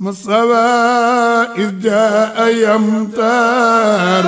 مصطفى إذ جاء يمتار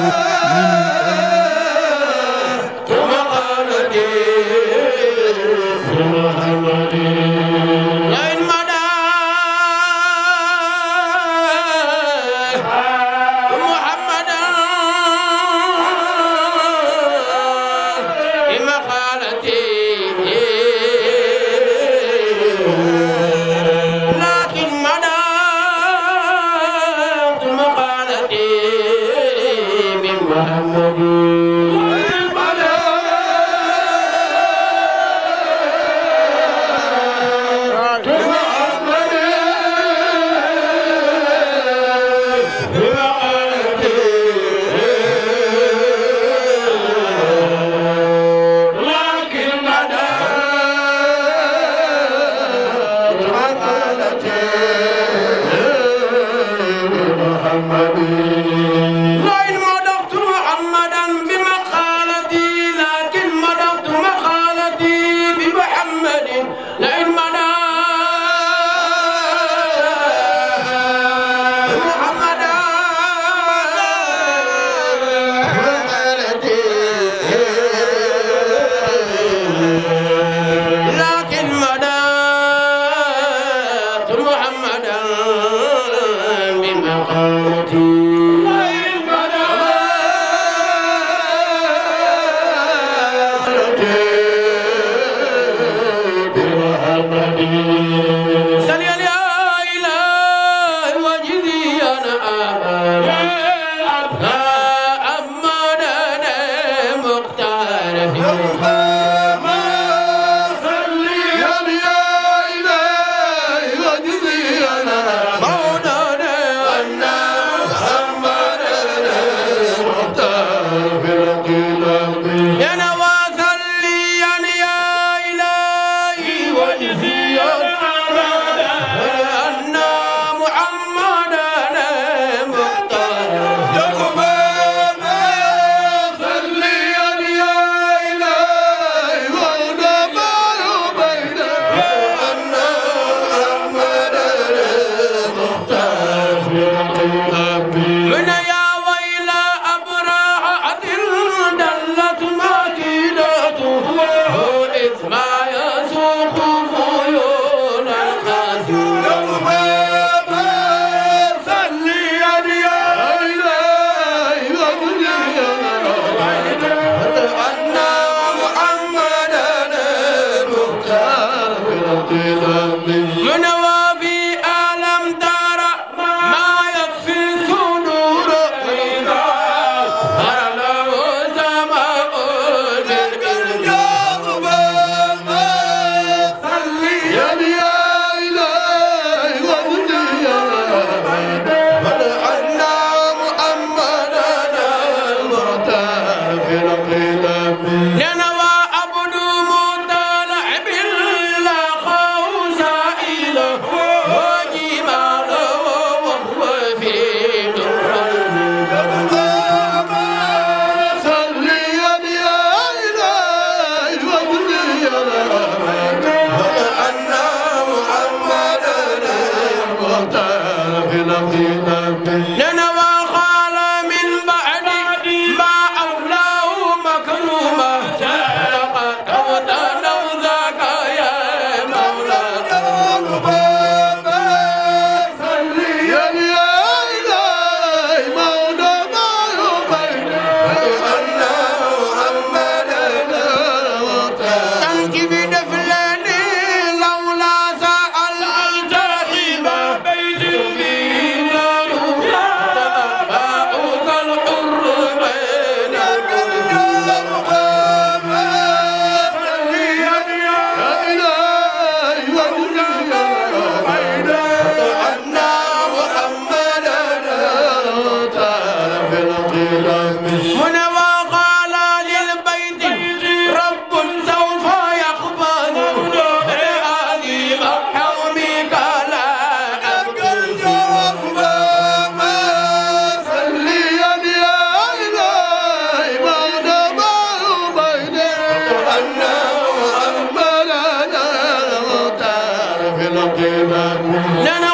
Thank you. لا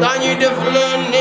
dañuy def leen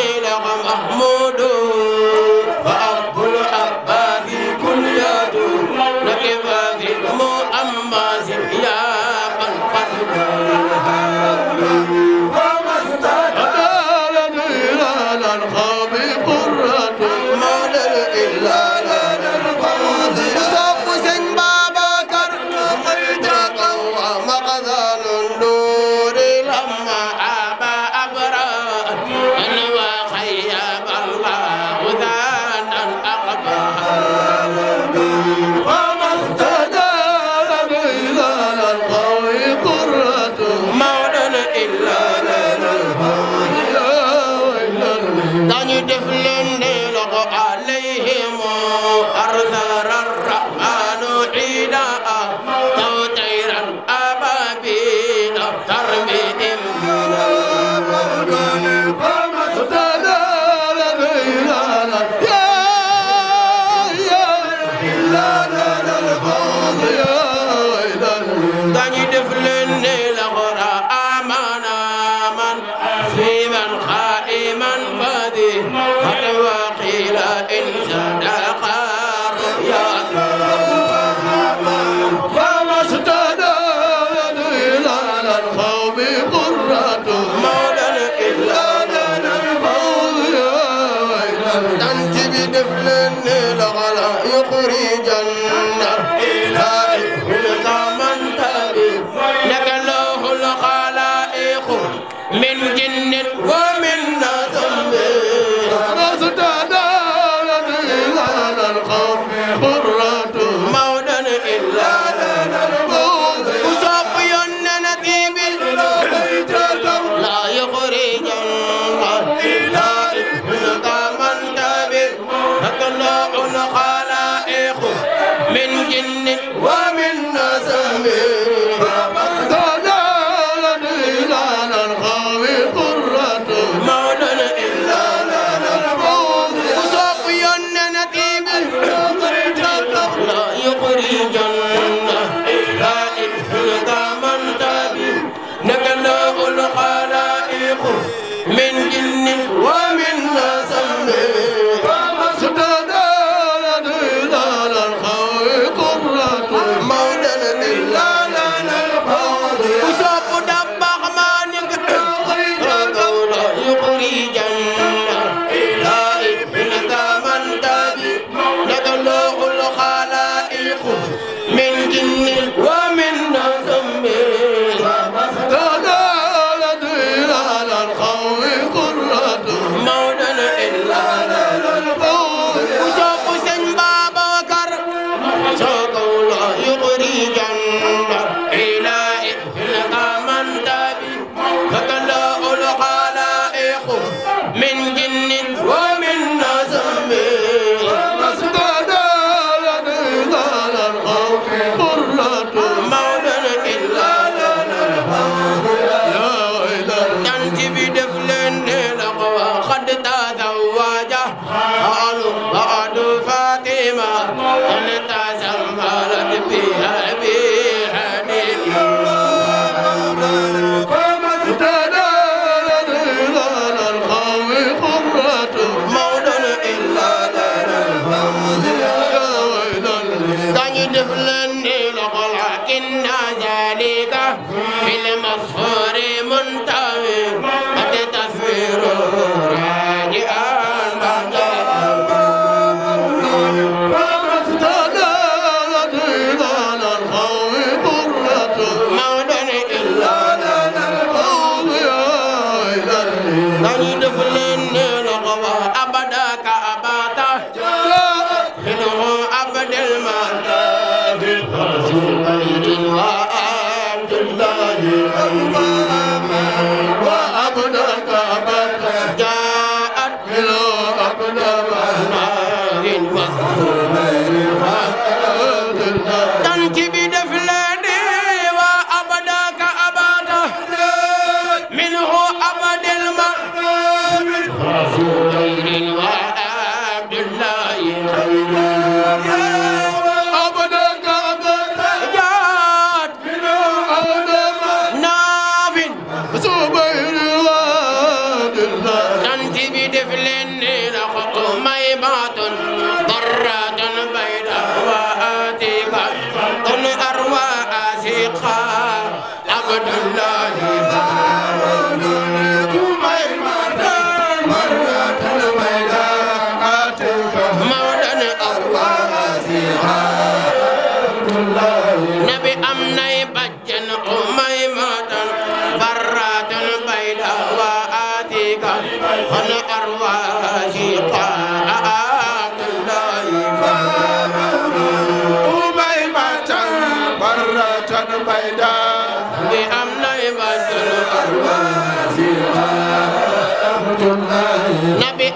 nabi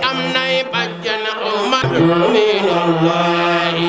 am nay من الله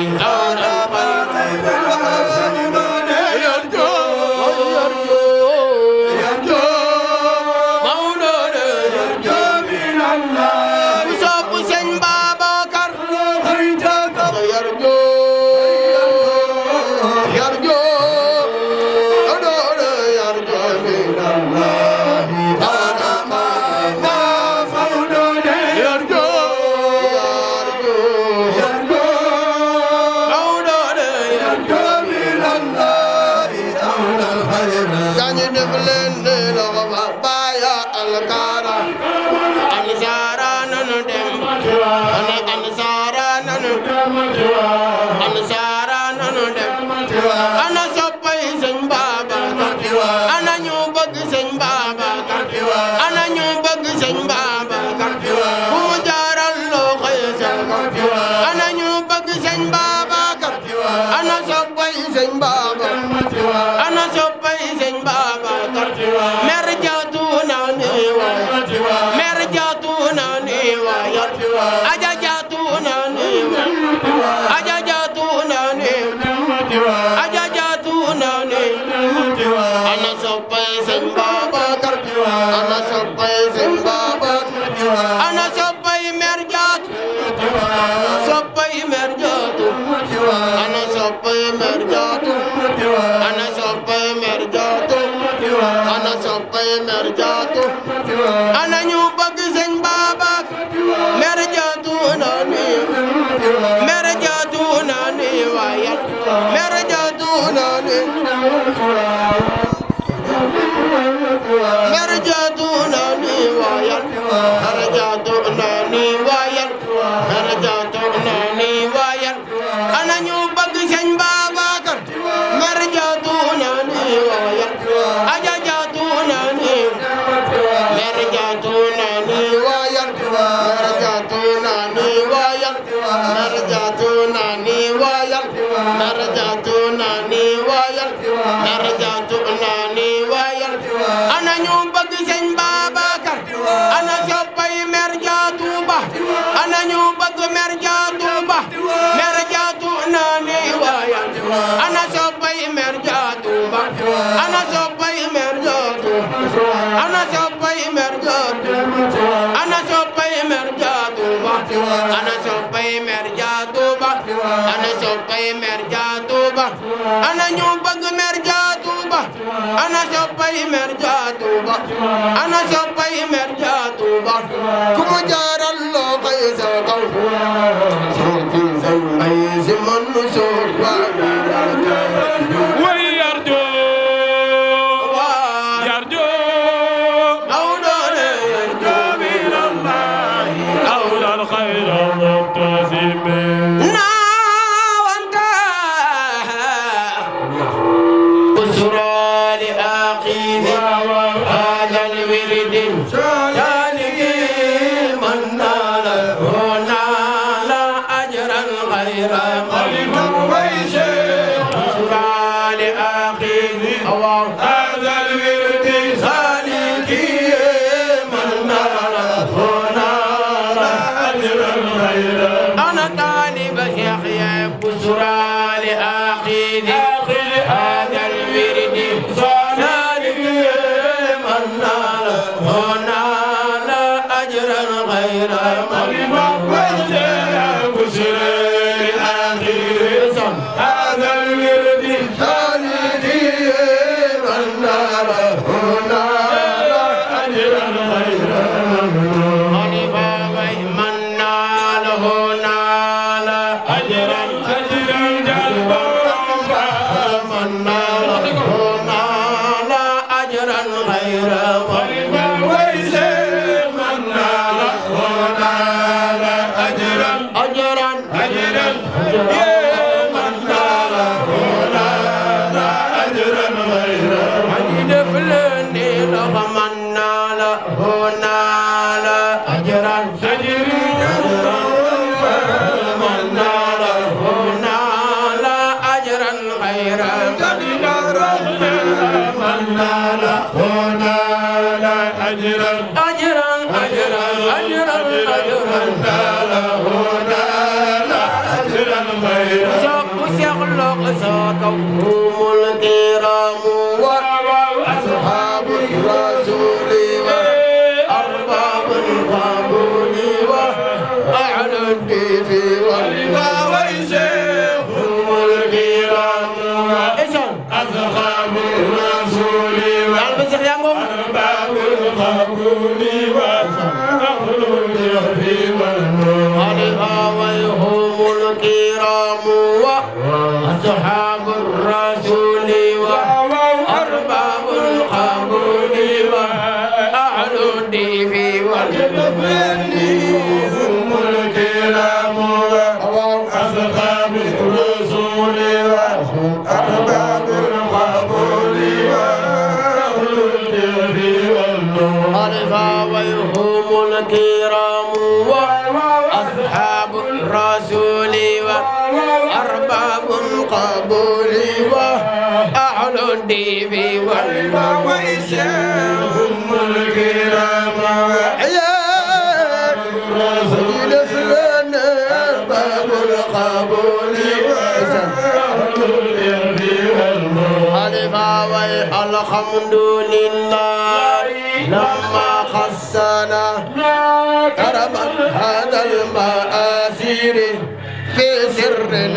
ana ñu bëgg sëñ Babacar mer jaatu na na ni waaye mer jaatu na na ni waaye ana soppay mer jaa Tuuba ana e ñu bëgg mer jaa Tuuba ana soppay e mer jaa Tuuba ana soppay e mer jaa Tuuba ku jaaral loo koy sa kaw خير قلب القبول وأعلى الديب والمويسان هم الكرام يا رسول سلنا باب القبول الحمد لله لما خصنا كرما هذا المال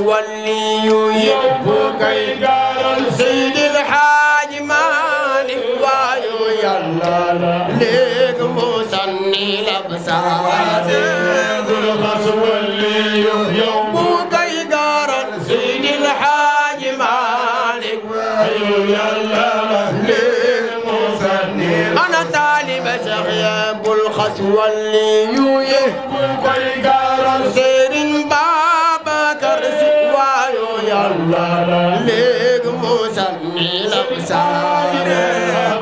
waliyu yëpp kay gaaral Seydil Haaji Maalik waayu yàlla la léegi mu sànni la ba saa ولي léegi mu sànni la saare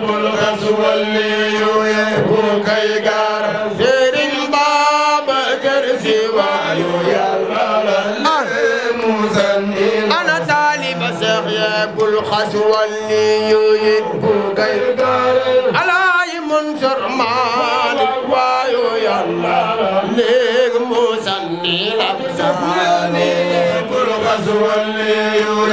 bul xasuwal li yooye bu kay gaar sëriñ baaba kër waayu yàlla la ah. mu sànni ana taaliba seex bul xasuwal li yooye bu kay gaar alaay mun sor waayu yàlla léegi mu sànni la saare bul xasuwal li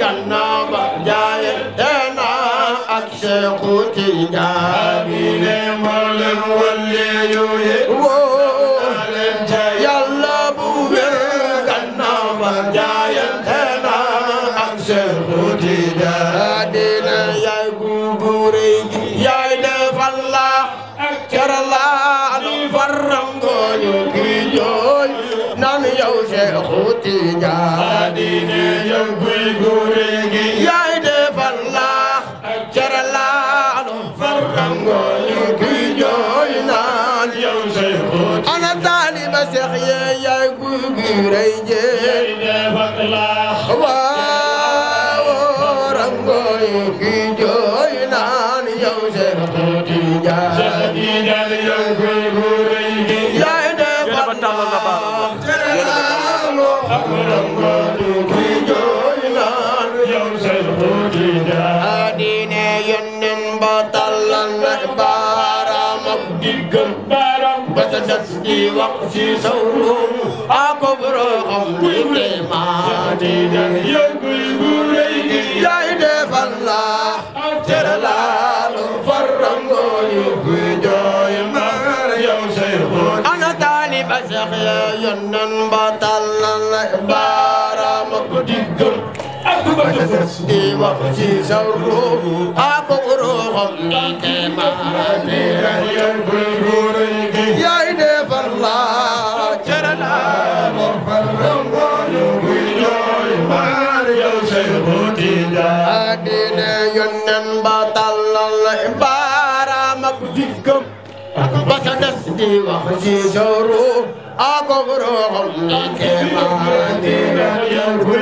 Ganna di wax ci sawrum akobroxam dimle madina yënguy bu rëy gi yaay defal la jëralalu farrango yu guy jooy mar yow say xool ana taaliba seex ya yonnan ba tàllal baaraam ak diggam ak bëgg di wax ci saw ruuxu akobroxam ni te madina yënguy bu rëy diine yónneen ba tàllal baaraam ak diggam ba sa des di wax ci sóoru ak ruuxam ni kéemaan diine bu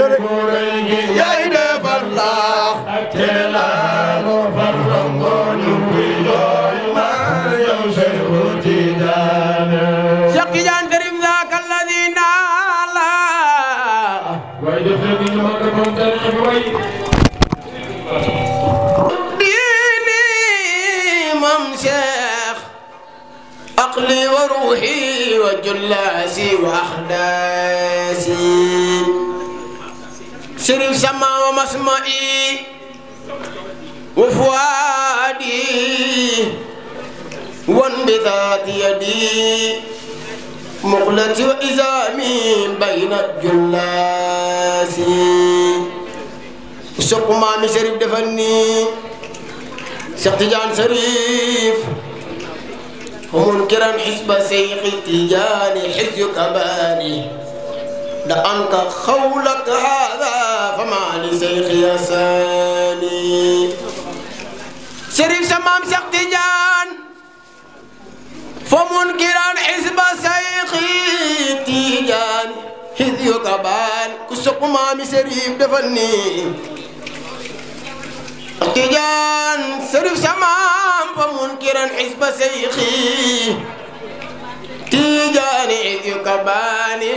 rëy gi yaay defar laax te laalu far rongoñu bi looy maa yow Seexu Tijaane Seex Tijaan Sëriñ zaaka alladi naa la way def عقلي وروحي وجلاسي وأحداثي سر سما ومسمعي وفؤادي وانبذات يدي مغلتي وإزامي بين الجلاس سق مامي شريف دفني سق تجان شريف منكرا حسب سيق تجاني حزي كباني دعنك خولك هذا فما لسيخ يساني شريف سمام سيق تجان فمنكرا حسب سيق تجاني حزي كباني كسق مامي شريف دفني tijaan sërif samaam fa munkiran xisba seyxi tijaani id yu ka baani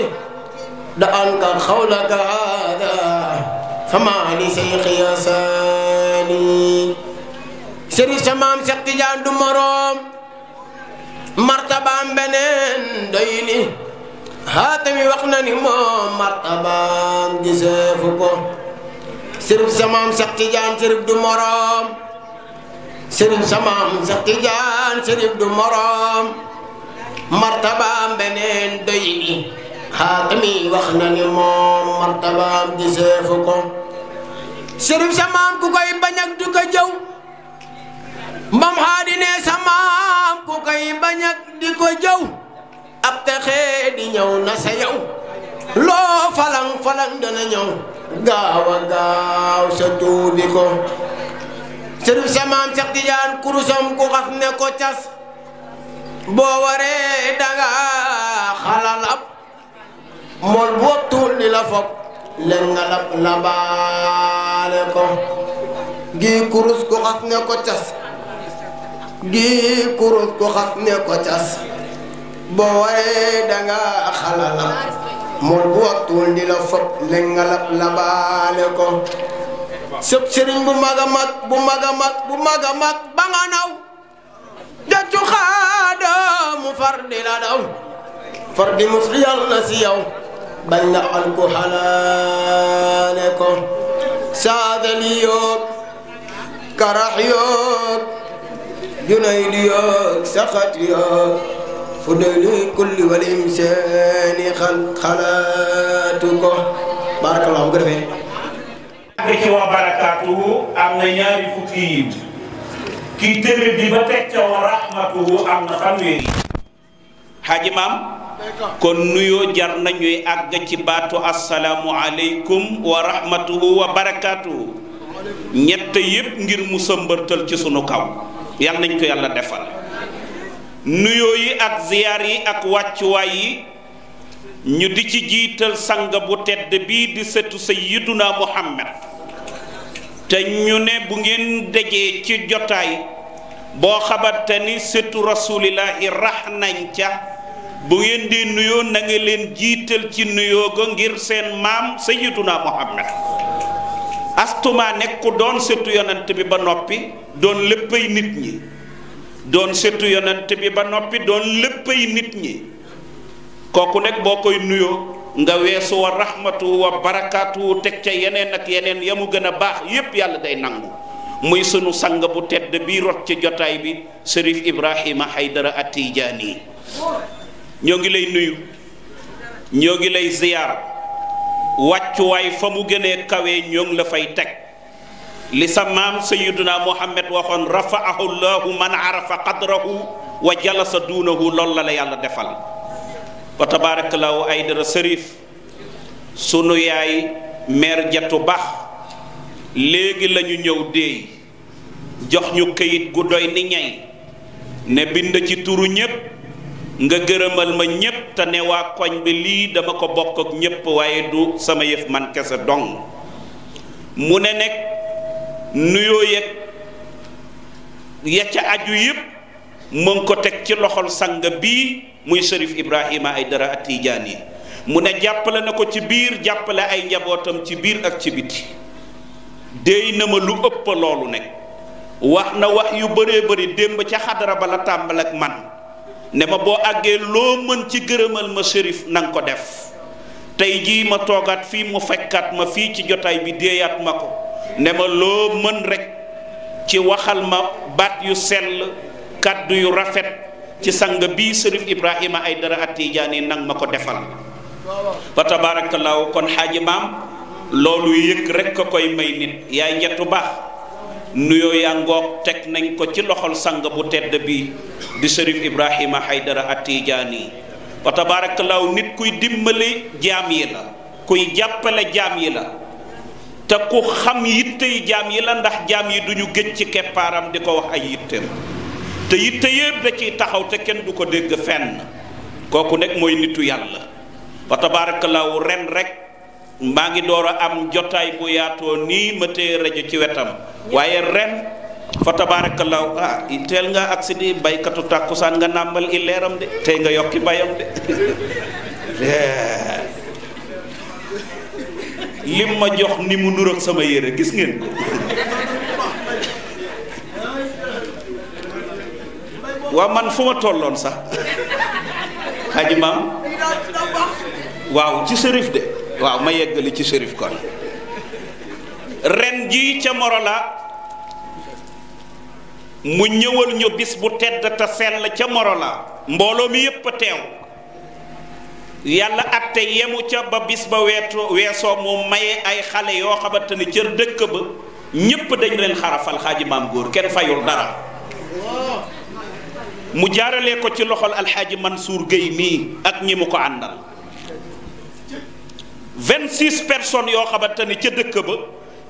da an ka xawlaka haada fama li seyxi ya saani sërif samaam seex tijaan du moroom martabaam beneen doy ni haatami wax na ni moom martabaam giseefu ko sërif samaam Seex Tijaan sërif du moroom sërif samaam Seex Tijaan sërif du moroom martabaam beneen doyini xaatimi wax na ni moom martabaam di seefu ko sërif samaam ku koy bañ ak ko jëw mbam xaadi ne samaam ku koy bañ di ko jëw ab taxee di ñëw na sa yow loo falang falang dana ñëw gaaw a gaaw sa tuubi ko sëriñ samaam sax di jaan ku xas ne ko cas boo waree danga xalal ab mool boo tuul ni len nga lab labaale ko gii kurus ku xas ne ko cas gii kurus ku xas ne ko cas boo waree danga xalala mool bu waxtuwul di la fopp lengalab labaale ko sëb bu mag mag bu mag mag bu mag mag ba nga naw jaccu xaada mu far la daw far di mus na si yow nga al ku xalaale ko saadali yoog karax yoog junay di yoog saxat yoog فديل كل والإنسان خلقاتك بارك الله bu ko defee. am na ñaari fukki yi kii tëbit bi ba teg ca wa am na fanweeri. Xaaji Maam kon nuyoo jar nañuy àgg ci baatu asalaamu aleykum wa rahmatuhu ñett yëpp ngir mu sëmbërtal ci sunu kaw yal nañ ko yàlla defal. nuyoo yi ak ziyaar yi ak wàccuwaay yi ñu di ci jiital sang bu tedd bii di sëtu sayyiduna muhammad te ñu ne bu ngeen dajee ci jotaay boo xamante ni sëtu rasulillahi rax nañ ca bu ngeen di nuyoo na leen jiital ci nuyoo ga ngir seen maam sayyiduna muhammad astuma nekk ku doon sëtu yonent bi ba noppi doon léppay nit ñi doon setu yonent bi ba noppi doon léppay nit ñi kooku nekk boo koy nuyoo nga weesu wa rahmatu wa barakaatu teg ca yeneen ak yeneen ya mu gën a baax yépp yàlla day nangu muy sunu sang bu tedd bi rot ci jotaay bi Serif Ibrahima Haydara Atijaani ñoo ngi lay nuyu ñoo ngi lay ziyaar wàccuwaay fa mu gënee kawe ñoo ngi la fay teg li sa maam sayiduna muhammad waxoon rafaahu llahu man arafa qadrahu wa jalasa duunahu loolu la yàlla defal wa tabarakallahu ay dara sërif sunu yaay meer jatu baax léegi lañu ñëw déey jox ñu këyit gu doy ni ñay ne bind ci turu ñépp nga gërëmal ma ñépp te ne waa koñ bi lii dama ko bokk ak ñépp waaye du sama yëf man kese dong mu ne nekk nuyoo yeeg ya ca aju yépp mu ko teg ci loxol sang bii muy Cherif Ibrahima Aidara At-Tidiane mu ne jàppale na ko ci biir jàppale ay njabootam ci biir ak ci biti déy na ma lu ëpp loolu nekk wax na wax yu bëree bëri démb ca xadara ba la tàmbal ak man ne ma boo àggee loo mën ci gërëmal ma Cherif na ko def tey jii ma toogaat fii mu fekkaat ma fii ci jotaay bi déeyaat ma ko ne ma loo mën rekk ci waxal ma baat yu sell kàddu yu rafet ci sang bii sërif Ibrahima Aidara Atijaani nag ma ko defal fa tabaarakallaahu kon xaaji maam loolu yëg rekk ko koy may nit yaay njettu baax nuyoo yaa ngoog teg nañ ko ci loxol sang bu tedd bi di sërif Ibrahima Aidara Atijaani fa tabaarakallaahu nit kuy dimbali jaam yi la kuy jàppale jaam yi la te ku xam yittey jaam yi la ndax jaam yi duñu géej ci keppaaram di ko wax ay yitteem te yitte yëpp da ciy taxaw te kenn du ko dégg fenn kooku nekk mooy nitu yàlla fa tabaarakallaahu ren rekk maa ngi door a am jotaay bu yaatoo nii ma téye rajo ci wetam waaye ren fa tabaarakallaahu ah teel nga aksidi baykatu tàkkusaan nga nàmbal i leeram de tey nga yokki bayam de lim ma jox ni mu nuroog sama yére gis ngeen ko waa man fu ma tolloon sax xaji maam waaw ci sërif de waaw ma yeggali ci sërif kon ren ji ca Morola mu ñëwal ñu bis bu tedd te sell ca moro la mbooloo mi yépp teew yàlla atte yemu ca ba bis ba weetu weesoo mu maye ay xale yoo xamante ni cër dëkk ba ñépp dañ leen xarafal xaaji maam góor kenn fayul dara mu jaarale ko ci loxol alxaaji suur géey mii ak ñi mu ko àndal 26 personnes yoo xamante ni ca dëkk ba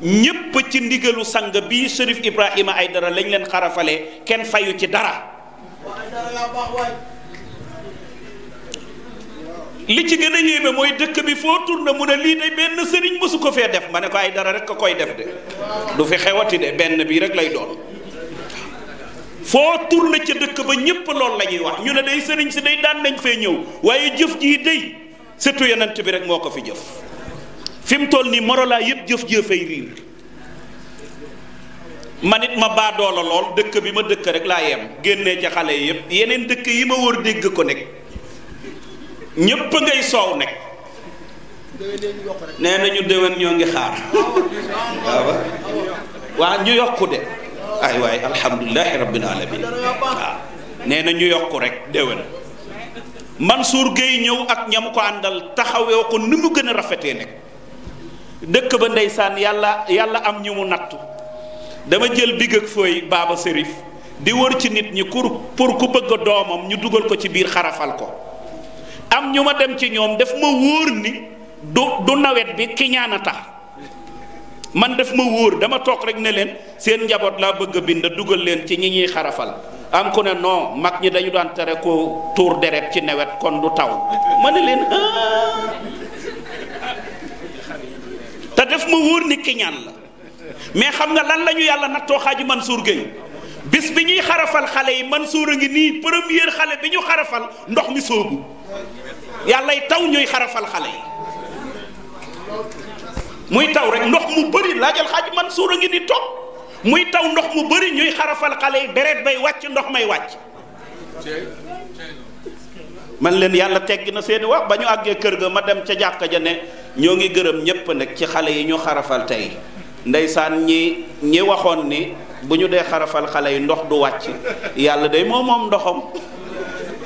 ñépp ci ndigalu sang bii Cherif Ibrahima dara lañ leen xarafale kenn fayu ci dara li ci gën a yéeme mooy dëkk bi foo tourné mu ne lii de benn sëriñ mësu ko fee def ma ne ko ay dara rek a koy def de du fi xewati de benn bii rek lay doon foo tourné ca dëkk ba ñépp loolu la ñuy wax ñu ne day sëriñ si day daan nañ fee ñëw waaye jëf jii day surtout yonent bi rek moo ko fi jëf fi mu toll nii morolaa yëpp jëf jëfay riir man nit ma baadoola lool dëkk bi ma dëkk rek laa yem génnee ca xale yépp yeneen dëkk yi ma wër dégg ko nekk ñépp ngay soow nekk nee na ñu déwén ñoo ngi xaar waaw waa ñu yokku de ay waay alhamdulilahi rabbil alamin waaw nee na ñu yokku rek déwén Mansour Gueye ñëw ak ñam ko àndal taxawee ko ni mu gën a rafetee nekk dëkk ba ndeysaan yàlla yàlla am ñu mu nattu dama jël big ak fooy baaba sérif di wër ci nit ñi pour ku bëgg doomam ñu dugal ko ci biir xarafal ko am ñu ma dem ci ñoom def ma wóor ni du du nawet bi ki ñaan a tax man def ma wóor dama toog rek ne leen seen njaboot laa bëgg a bind dugal leen ci ñi ñuy xarafal am ku ne noo mag ñi dañu daan tere ko tuur deret ci nawet kon du taw ma ah. te daf ma wóor ni ki la mais xam nga lan la ñu yàlla nattoo xaaji Mansour Gueye bis bi ñuy xarafal xale yi Mansour a ngi nii première xale bi ñu xarafal ndox mi soobu yàllay taw ñuy xarafal xale yi muy taw rek ndox mu bari laajal xaaj man suur a ngi ni toog muy taw ndox mu bari ñuy xarafal xale yi deret bay wàcc ndox may wàcc man leen yàlla teggi na seeni wax ba ñu àggee kër ga ma dem ca jàkka ja ne ñoo ngi gërëm ñépp nag ci xale yi ñu xarafal tey ndeysaan ñi ñi waxoon ni bu ñu dee xarafal xale yi ndox du wàcc yàlla day moo moom ndoxam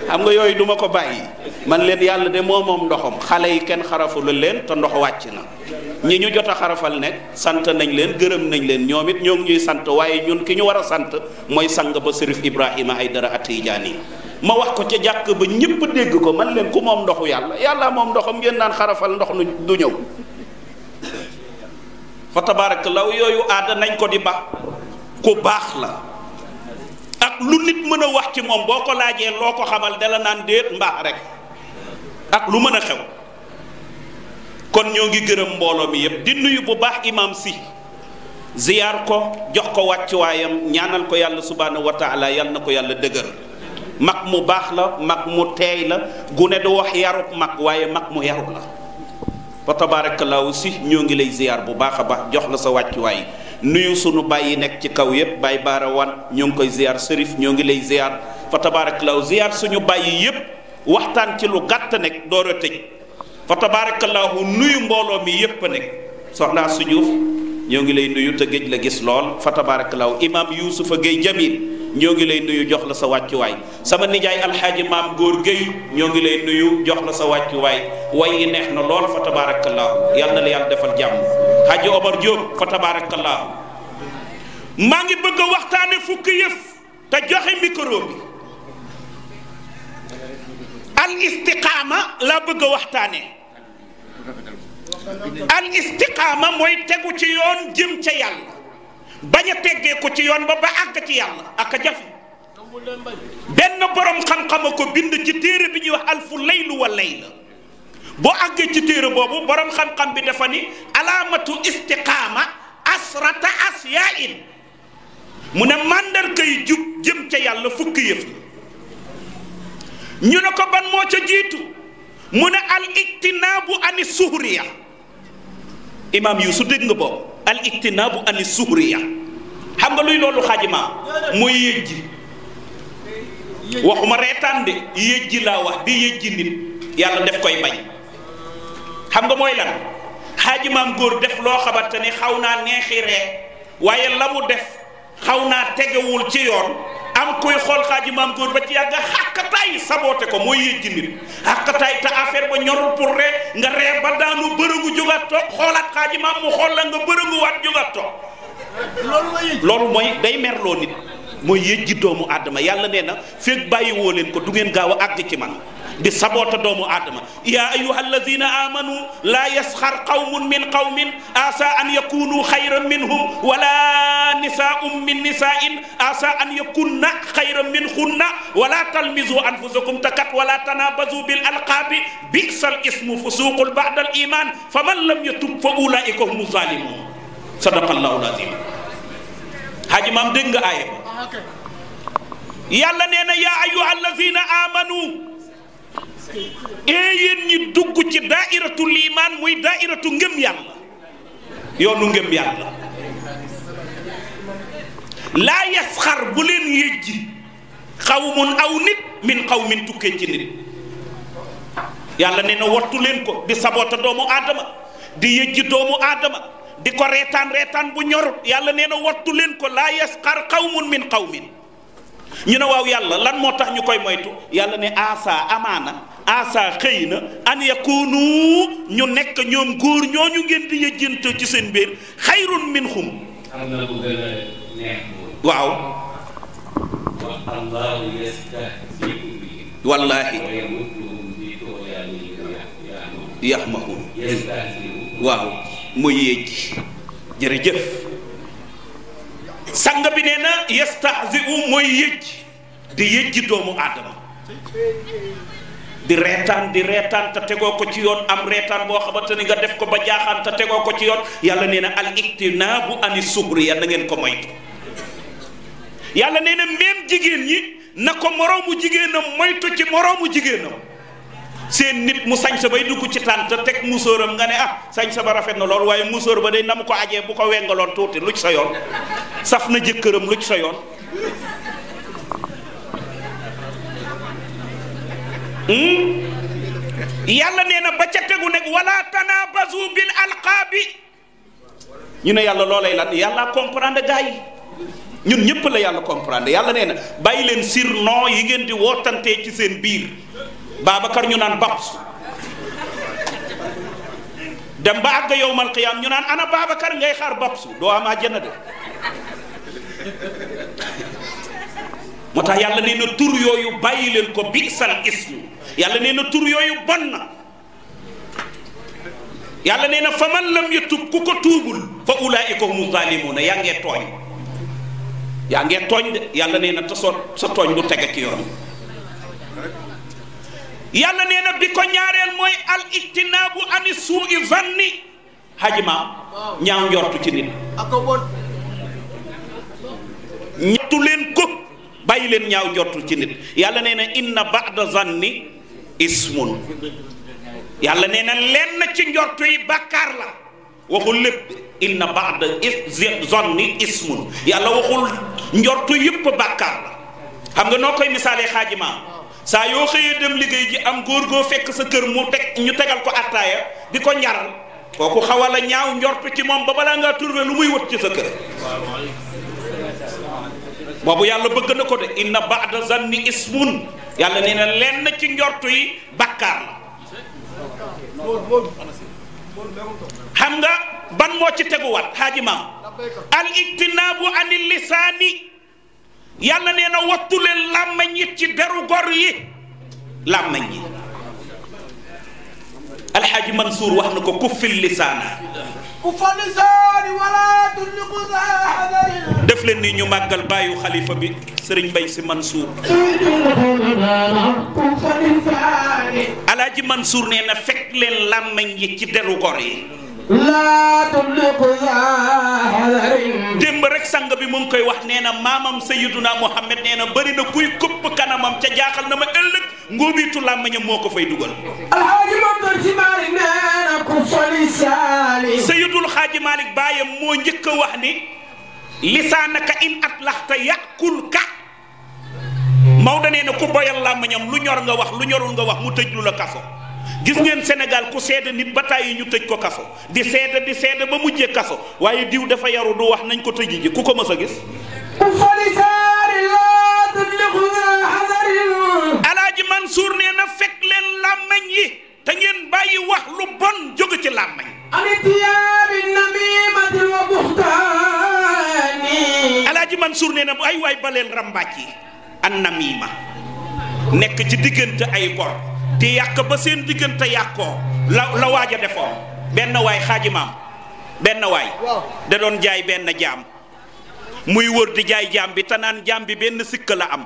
xam nga yooyu duma ko bàyyi man leen yàlla de moo moom ndoxom xale yi kenn la leen te ndox wàcc na ñi ñu jot a xarafal nekk sant nañ leen gërëm nañ leen ñoom it ñoo ngi sant waaye ñun ki ñu war a sant mooy sang ba sërif Ibrahima Aydara Atijaani ma wax ko ca jàkk ba ñëpp dégg ko man leen ku moom ndoxu yàlla yàlla moom ndoxam ngeen naan xarafal ndox nu du ñëw fa law yooyu aada nañ ko di ba ku baax la ak lu nit mën a wax ci moom boo ko laajee loo ko xamal dala naan déet mbaax ak lu mën a xew kon ñoo ngi gërëm mbooloo mi yépp di nuyu bu baax imaam si ziyaar ko jox ko wàccuwaayam ñaanal ko yàlla subhaanahu wa taala yal na ko yàlla dëgër mag mu baax la mag mu teey la gune du wax yarub mag waaye mag mu yaru la fa tabaarakallaahu si ñoo ngi lay ziyaar bu baax a baax jox la sa wàccuwaay nuyu sunu bàyyi nekk ci kaw yépp baay baara wan ñoo ngi koy ziyaar sërif ñoo ngi lay ziyaar fa tabaarakallaahu ziyaar suñu bàyyi yépp waxtaan ci lu gàtt nekk door a tëj fa tabaarakallaahu nuyu mbooloo mi yépp nekk soxnaa su Juuf ñoo ngi lay nuyu te géej la gis lool fa tabaarakallaahu imaam Yuusufa Géey Jamil ñoo ngi lay nuyu jox la sa wàccuwaay sama nijaay alxaaji maam góor géey ñoo ngi lay nuyu jox la sa wàccuwaay way yi neex na lool fa tabaarakallaahu yal la yàlla defal jàmm xaaji Omar Diop fa tabaarakallaahu maa ngi bëgg waxtaane fukki yëf te joxe micro bi al istiqaama laa bëgg a waxtaane al istiqaama mooy tegu ci yoon jëm ca yàlla bañ a teggee ko ci yoon ba ba àgg ci yàlla benn borom xam-xama ko bind ci téere bi ñuy wax alfu laylu wa layla boo àggee ci téere boobu borom xam-xam bi dafa ni alaamatu istiqaama asrata asyain mu ne màndarga yi jub jëm ca yàlla fukki yëf la ñu ne ko ban moo ca jiitu mu ne al ictinaabu ani suhriya imaam yu su dégg nga boobu al ictinaabu ani suhriya xam nga luy loolu xaajimaam mooy yéej ji waxuma reetaan de yéej ji laa wax di yéej ji nit yàlla def koy bañ xam nga mooy lan xaajimaam góor def loo xamante ni xaw naa neexi ree waaye la mu def xaw naa tegewul ci yoon am koy xool xaaji maam góor ba ci yàgg xàqataay saboote ko mooy yëjji nit xàqataay te affaire ba ñorul pour re nga ree ba daanu bërëngu jógaat toog xoolaat xaaji maam mu xool la nga bërëngu waat jógaat toog loolu mooy day merloo nit mooy yëjji doomu àddama yàlla nee na fekk bàyyi woo leen ko du ngeen gaaw a àgg ci man di saboota doomu aadama yaa ayuha alladina amanu laa yasxar qawmun min qawmin asa an yakunu xayran minhum wala nisaun min nisain asa an yakunna xayran minhunna wala talmizu anfusakum takat wala tanabazu bil alqaabi bisa al ismu fusuqul bada al iman faman lam yatub fa ulaika humu zalimun sadaqallahu lazim xaaji maam dégg nga aaya ah, yàlla nee na yaa ayuha alladina amanu ee eh, ñi dugg ci daairatu liimaan muy daairatu ngëm yàlla yoonu ngëm yàlla laa yasxar bu leen yëjji xawmun aw nit min xawmin tukkee ci nit yàlla nee na wattu leen ko di saboota doomu aadama di yëjji doomu aadama di ko reetaan reetaan bu ñor yàlla nee na wattu leen ko laa yasxar xawmun min xawmin ñu ne waaw yàlla lan moo tax ñu koy moytu yàlla ne aasa amaana asa xëy na an yakunu ñu nekk ñoom góor ñooñu ngeen di yëjjantoo ci seen biir xayrun minhum waaw wa allahu yastahzi sang bi nee na yastahzi mooy yëj di yëjji doomu aadama di reetaan di reetaan te tegoo ko ci yoon am reetaan boo xamante ni nga def ko ba jaaxaan te tegoo ko ci yoon yàlla nee na al ictinaabu ani suxri ya na ngeen ko moytu yàlla nee na même jigéen ñi na ko moroomu jigéenam moytu ci moroomu jigéenam seen nit mu sañ sa bay dugg ci tànt teg musóoram nga ne ah sañ sa ba rafet na lool waaye musóor ba day na mu ko ajee bu ko wengaloon tuuti lu sa yoon saf na jëkkëram lu sa yoon Hmm? yàlla nee na ba ca tegu nag wala tanabazu bil alqaabi ñu ne yàlla loolay lan yàlla comprendre gars yi ñun ñëpp la yàlla comprendre yàlla nee na bàyyi leen surnom yi ngeen di wootantee ci seen biir baabakar ñu naan Babs dem ba àgg yowmal qiyaam ñu naan ana Babacar ngay xaar Babs doo am àjjana de moo tax yàlla nee na tur yooyu bàyyi leen ko bisal ismu yàlla nee na tur yooyu bon na yàlla nee na faman lam yatub ku ko tuubul fa ulaa'ika humu zaalimuuna yaa ngee tooñ tooñ yàlla nee na te soo sa tooñ du tege ci yoon yàlla nee na bi ko ñaareel mooy al ijtinaabu ani suu'i zanni hajma ñaaw njortu ci nit ñettu leen ko bàyyi leen ñaaw njortu ci nit yàlla nee na inna ba'da zanni ismun yàlla nee na lenn ci njortu yi bàkkaar la waxul lépp inna zone zanni ismun yàlla waxul njortu yëpp bàkkaar la xam nga noo koy misaalee xaajima saa yoo xëyee dem liggéey ji am góor goo fekk sa kër mu teg ñu tegal ko attaaya di ko njaral kooku xawala ñaaw njortu ci moom ba balaa ngaa trouvé lu muy wut ci sa kër boobu yàlla bëgg na ko de inna ba'da zanni ismun yàlla nee na lenn ci njortu yi bàkkaar xam nga ban moo ci teguwaat xaaji maam al ijtinaabu ani lisaani yàlla nee na wattu leen làmmañ yi ci deru gor yi làmmañ yi alxaaji Mansour wax na ko kuffil lisaana kuffil lisaani wala tulliqu ahadarin def leen ni ñu màggal bàyyu xalifa bi sëriñ Mbay Si Mansour alxaaji Mansour nee na fekk leen làmmiñ yi ci deru gor yi démb rek sang bi mu ngi koy wax nee na maamam Sayyiduna Muhammad nee na bari na kuy këpp kanamam ca jaaxal na ma ëllëg ngóobitu làmmiñam moo ko fay dugal. alxaaji Mamadu Si Maalik nee na ku soli saali. Sayyidul Xaaji Maalik baayam moo njëkk a wax ni lisaanaka in atlaxta yàqul ka Maodo nee na ku boyal làmmiñam lu ñor nga wax lu ñorul nga wax mu tëj lu la kaso. gis ngeen senegal ku sedd nit ba tàyyi ñu tëj ko kaso di seede di seede ba mujjee kaso waaye diw dafa yaru du wax nañ ko tëji ji ku ko mës a gis alaaji Mansour nee na fekk leen làmmañ yi te ngeen bàyyi wax lu bon jóge ci làmmañ alaaji Mansour nee na ay waay baleen rambaaj yi an namima nekk ci diggante ay gor di yàq ba seen diggante yàqoo la la waaj benn waay xaajimaam benn waay da doon jaay benn jaam muy wër di jaay jaam bi te naan jaam bi benn sikk la am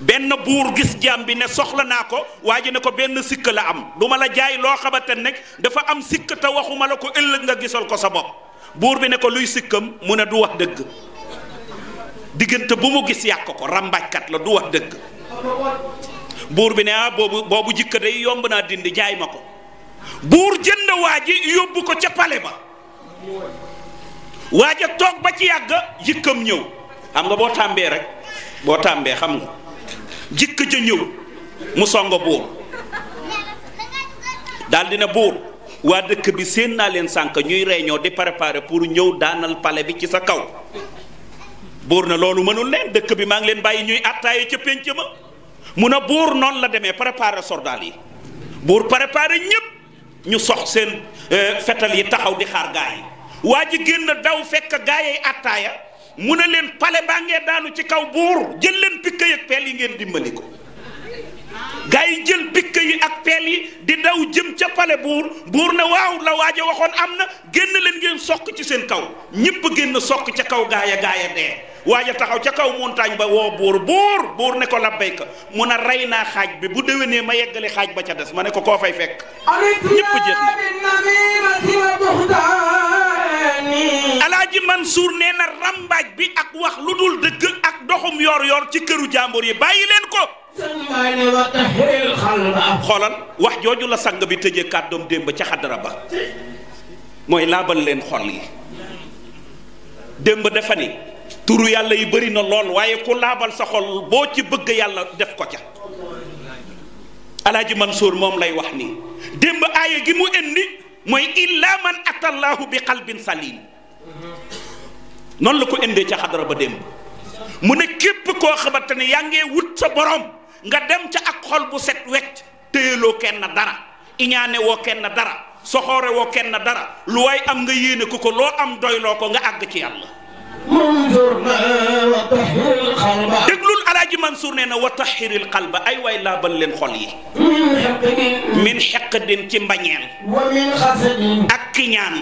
benn buur gis jaam bi ne soxla naa ko waa ji ne ko benn sikk la am du ma la jaay loo xamante ne dafa am sikk te waxuma la ko ëllëg nga gisal ko sa bopp buur bi ne ko luy sikkam mu ne du wax dëgg diggante bu mu gis yàq ko ràmbaajkat la du wax dëgg buur bi ne ah boobu boobu jikko day yomb naa dindi jaay ma ko buur jënd waa yóbbu ko ca pale ba waa ja toog ba ci yàgg jikkam ñëw xam nga boo tàmbee rek boo tàmbee xam nga jikk ca ñëw mu songo buur daal dina buur waa dëkk bi séen naa leen sànq ñuy réunion di préparer pour ñëw daanal pale bi ci sa kaw buur na loolu mënul leen dëkk bi maa ngi leen bàyyi ñuy attaaya ca pénc ma mun a buur noonu la demee préparé sordaal yi buur préparé ñëpp ñu sox seen euh, fetal yi taxaw di xaar gaa yi waa ji génn daw fekk gaa yi attaaya mu ne leen pale baa ngee daanu ci kaw buur jël leen pikk ak peel yi ngeen dimbali ko gaa yi jël pikk yi ak peel yi di daw jëm ca pale buur buur na waaw la waaj waxoon am na génn leen ngeen sokk ci seen kaw ñëpp génn sokk ca kaw gaaya gaaya dee waaj a taxaw ca kaw montagne ba woo buur buur buur ne ko labbayka mun a rey naa xaaj bi bu déwénee ma yeggali xaaj ba ca des ma ne ko koo fay fekk ñëpp jeex na alaaji Mansour nee na rambaaj bi ak wax lu dul dëgg ak doxum yoor yor ci këru jàmbur yi bàyyi leen ko xoolal wax jooju la sang bi tëjee kàddoom démb ca xadara ba mooy laabal leen xol yi démb dafa ni turu yàlla yi bëri na lool waaye ku laabal sa xol boo ci bëgg yàlla def ko ca alaaji Mansour moom lay wax nii démb aaya gi mu indi mooy illaa man atallaahu bi xalb salim noonu la ko indee ca xadara ba démb mu ne képp koo xamante ne yaa ngee wut sa borom nga dem ca ak xol bu set wecc téyeloo kenn dara iñaane woo kenn dara soxoore woo kenn dara lu waay am nga yéene ko ko loo am doyloo ko nga àgg ci yàlla déglul alaaji Mansour nee na wa taxiril xalba ay waay laabal leen xol yi min xeq din ci mbañeel ak kiñaan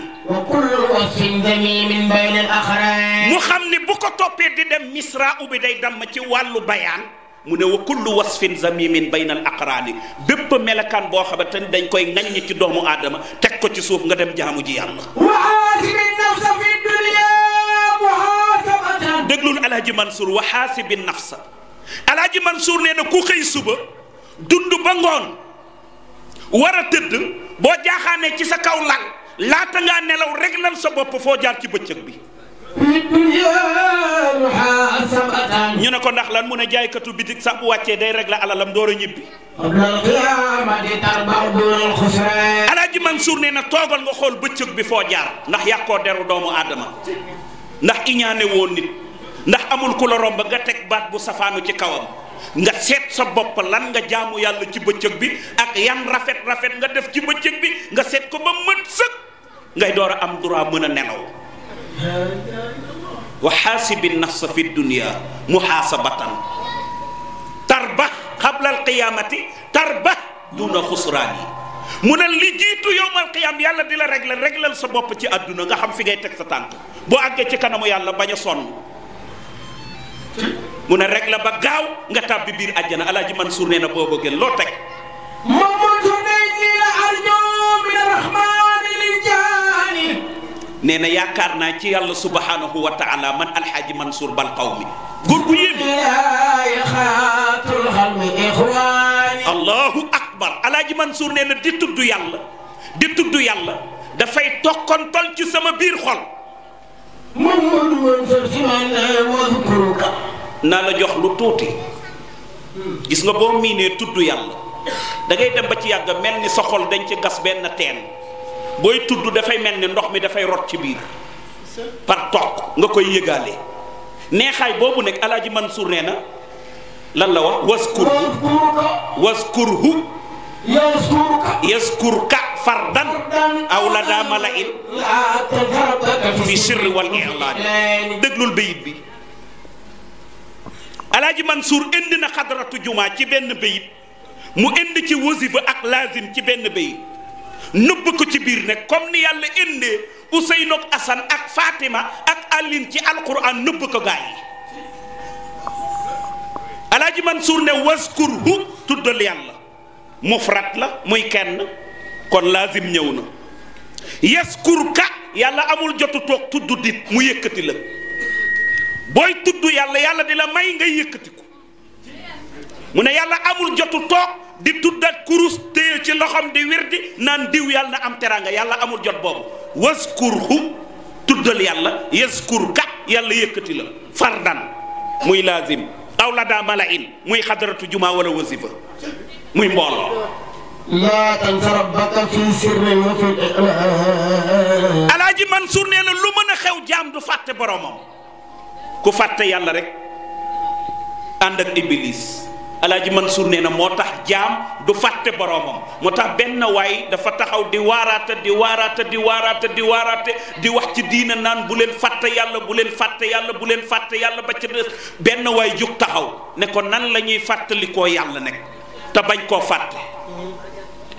mu xam ni bu ko toppee di dem misra ubi day damm ci wàllu bayaan mu ne wa kullu wasfin zamimin baynal aqraani bépp melakaan boo xamante ne dañ koy ŋaññi ci doomu aadama teg ko ci suuf nga dem jaamu ji yàlla wa aasibin nafsa fi dunya muhaasabatan déglul alhaji mansour wa xaasibin nafsa alhaji nee na ku xëy suba dund ba ngoon war a tëdd boo jaaxaanee ci sa kaw lal laata ngaa nelaw lan sa bopp foo jaar ci bëccëg bi ñu ne ko ndax lan mun a jaaykatu bitik sax bu wàccee day la alalam door a ñibbi. alaaji Mansour nee na toogal nga xool bëccëg bi foo jaar ndax yàqoo deru doomu aadama ndax iñaane woon nit ndax amul ku la romb nga teg baat bu safaanu ci kawam nga seet sa bopp lan nga jaamu yàlla ci bëccëg bi ak yan rafet rafet nga def ci bëccëg bi nga seet ko ba mët sëg ngay door a am droit mën a nelaw. wa xaasibi nafsa fi dunya muxaasabatan tarbax xabla alqiyaamati tarbax duna xusraani mu a li jiitu yowmal qiyaam yàlla di la réglal réglal sa bopp ci àdduna nga xam fi ngay teg sa tànk boo àggee ci kanamu yàlla bañ a sonn mu ne régla ba gaaw nga tàbbi biir àjjana alaaji Mansuur nee na boo bëggee loo teg nee na yaakaar naa ci yàlla subhanahu wa taala man alxaaji mansour bal qawmi góor bu yéeme allahu akbar alaaji mansour nee na di tudd yàlla di tudd yàlla dafay tokkontol ci sama biir xol naa la jox lu tuuti gis nga boo miinee tudd yàlla da dem ba ci yàgg mel ni sa xol dañ ci gas benn teen booy tudd dafay mel ni ndox mi dafay rot ci biir par toq nga koy yëgaale neexaay boobu nekk alaaji Mansour nee na lan la wax waskurhu waskurhu yaskurka fardan aw la daa mala in fi sirri wal i'laan déglul bayit bi alaaji Mansour indi na xadratu jumaa ci benn bayit mu indi ci wasifa ak lazim ci benn bayit nëbb ko ci biir ne comme ni yàlla indee Ousseynou ak Assane ak Fatima ak Aline ci alquran nëbb ko gaa yi Alaaji Mansour ne waskurhu tuddal yàlla mufrat la muy kenn kon laazim ñëw na yaskur ka yàlla amul jotu toog tudd dit mu yëkkati la booy tudd yàlla yàlla di la may nga yëkkati ko mu ne yàlla amul jotu toog. di tuddaat kurus téye ci loxom di wirdi naan diw yàlla na am teraanga yàlla amul jot boobu waskurhu tuddal yàlla yaskur ka yàlla yëkkati la fardan muy laazim aw la daa mala in muy xadaratu juma wala wasifa muy mbooloo laa tansa rabbaka fi sirrin wa fi alaaji Mansour nee na lu mën a xew jaam du fàtte boromam ku fàtte yàlla rek ànd ak iblis alaaji Mansour nee na moo tax jaam du fàtte boroomam moo tax benn waay dafa taxaw di waaraata di waaraata di waaraata di waaraate di wax ci diina naan bu leen fàtte yàlla bu leen fàtte yàlla bu leen fàtte yàlla ba ca des benn waay jóg taxaw ne ko nan la ñuy fàttalikoo yàlla nekk te bañ koo fàtte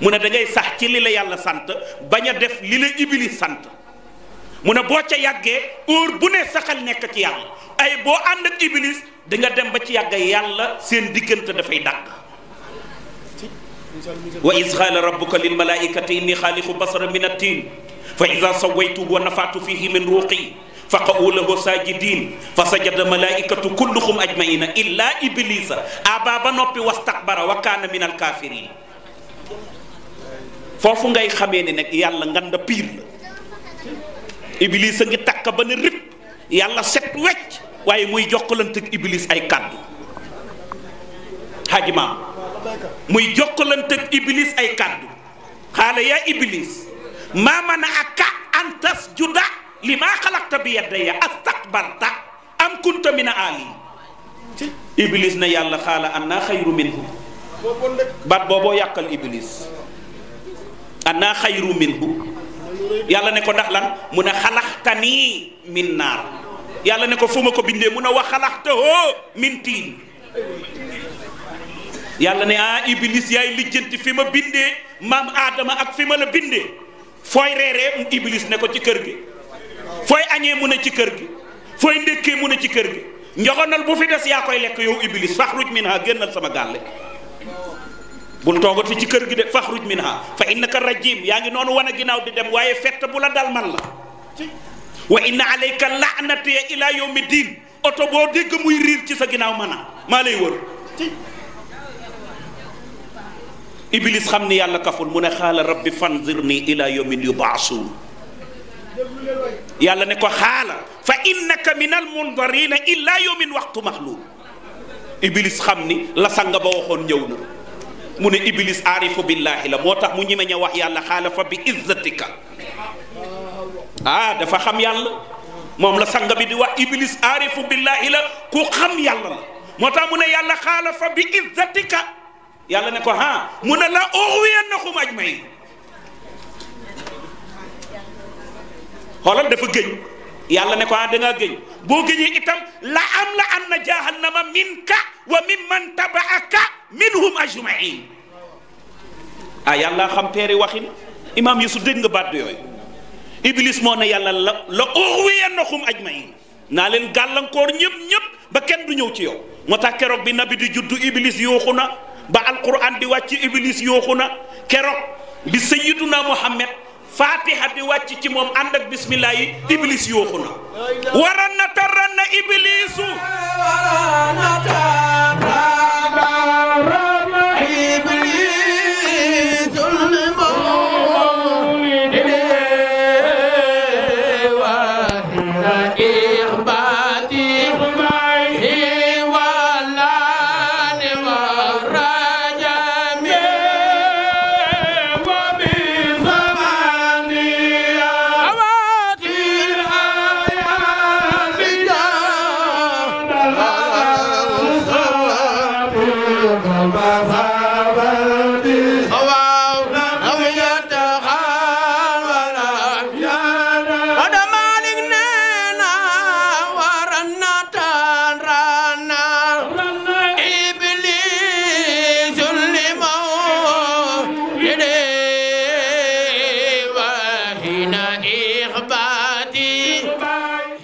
mu ne da sax ci li la yàlla sant bañ a def li la iblis sant mu ne boo ca yàggee óor bu ne saxal nekk ci yàlla ay boo ànd ak iblis di dem ba ci yàgg yàlla seen diggante dafay dàq wa iz qaala rabbuka lil malaa'ikati inni xaaliqu basaran min at-tiin fa izaa sawaytuhu wa nafaxtu fiihi min ruuxi faqa'uu lahu saajidiin fa sajada malaa'ikatu kulluhum ajma'iina illaa ibliisa abaa ba noppi wastakbara wa kaana min al foofu ngay xamee ne nag yàlla nganda piir la iblis a ngi takk ba ne rip yàlla set wecc waaye muy jokkalante ak iblis ay kàddu xaaji maam muy jokkalante ak iblis ay kàddu xaala yaa iblis maa mana aka an tasjuda li maa xalaqta bi yadaya astakbarta am kunta min aali iblis na yàlla xaala an naa xayru minhu baat booboo yàqal iblis an naa xayru minhu yàlla ne ko ndax lan mun a xalaxtanii min naar yàlla ne ko fu ma ko bindee mun a wax xalaxtahoo min tiin yàlla ne ah iblis yaay lijjanti fi ma bindee maam aadama ak fi ma la bindee fooy reeree iblis ne ko ci kër gi fooy añee mu ne ci kër gi fooy ndékkee mu ne ci kër gi njoxonal bu fi des yaa koy lekk yow iblis faxruj minha génnal sama gàlle bul toogati ci kër gi de min minha fa innaka rajim yaa ngi noonu wan a ginnaaw di dem waaye fett bu la dal man la wa inna alayka laanati ila yawmi diin oto boo dégg muy riir ci sa ginnaaw mën a maa lay wër iblis xam ni yàlla kaful mu ne xaala rabbi fanzirni ila yawmin yubaasuun yàlla ne ko xaala fa innaka min almundarina illa yawmin waxtu maxluul iblis xam ni la sanga ba waxoon ñëw na mu ne Iblis aarifu billahi la moo tax mu ñemeñ a wax yàlla xaalafa bi izzatika ah dafa xam yàlla moom la sang bi di wax Iblis aarifu billahi la ku xam yàlla la moo tax mu ne yàlla xaalafa bi izzatika yàlla ne ko ah mu ne la ughwiyannahum ajmain xoolal dafa gëñ. yàlla ne ko ah da génn géñ boo géñee itam la am la am na jahannama minka wa min man tabaaka minhum ajmain ah yàlla xam peeri waxin imaam yi su dégg nga baat yooyu iblis moo ne yàlla la la uwiyannahum ajmain naa leen gàllankoor ñëpp ñëpp ba kenn du ñëw ci yow moo tax keroog bi nabi di juddu iblis yooxu na ba alquran di wàcc iblis yooxu na keroog bi sayyiduna muhammad faatiha bi wàcc ci moom ànd ak bismillah yi iblis yooxu na waran na taran na iblisu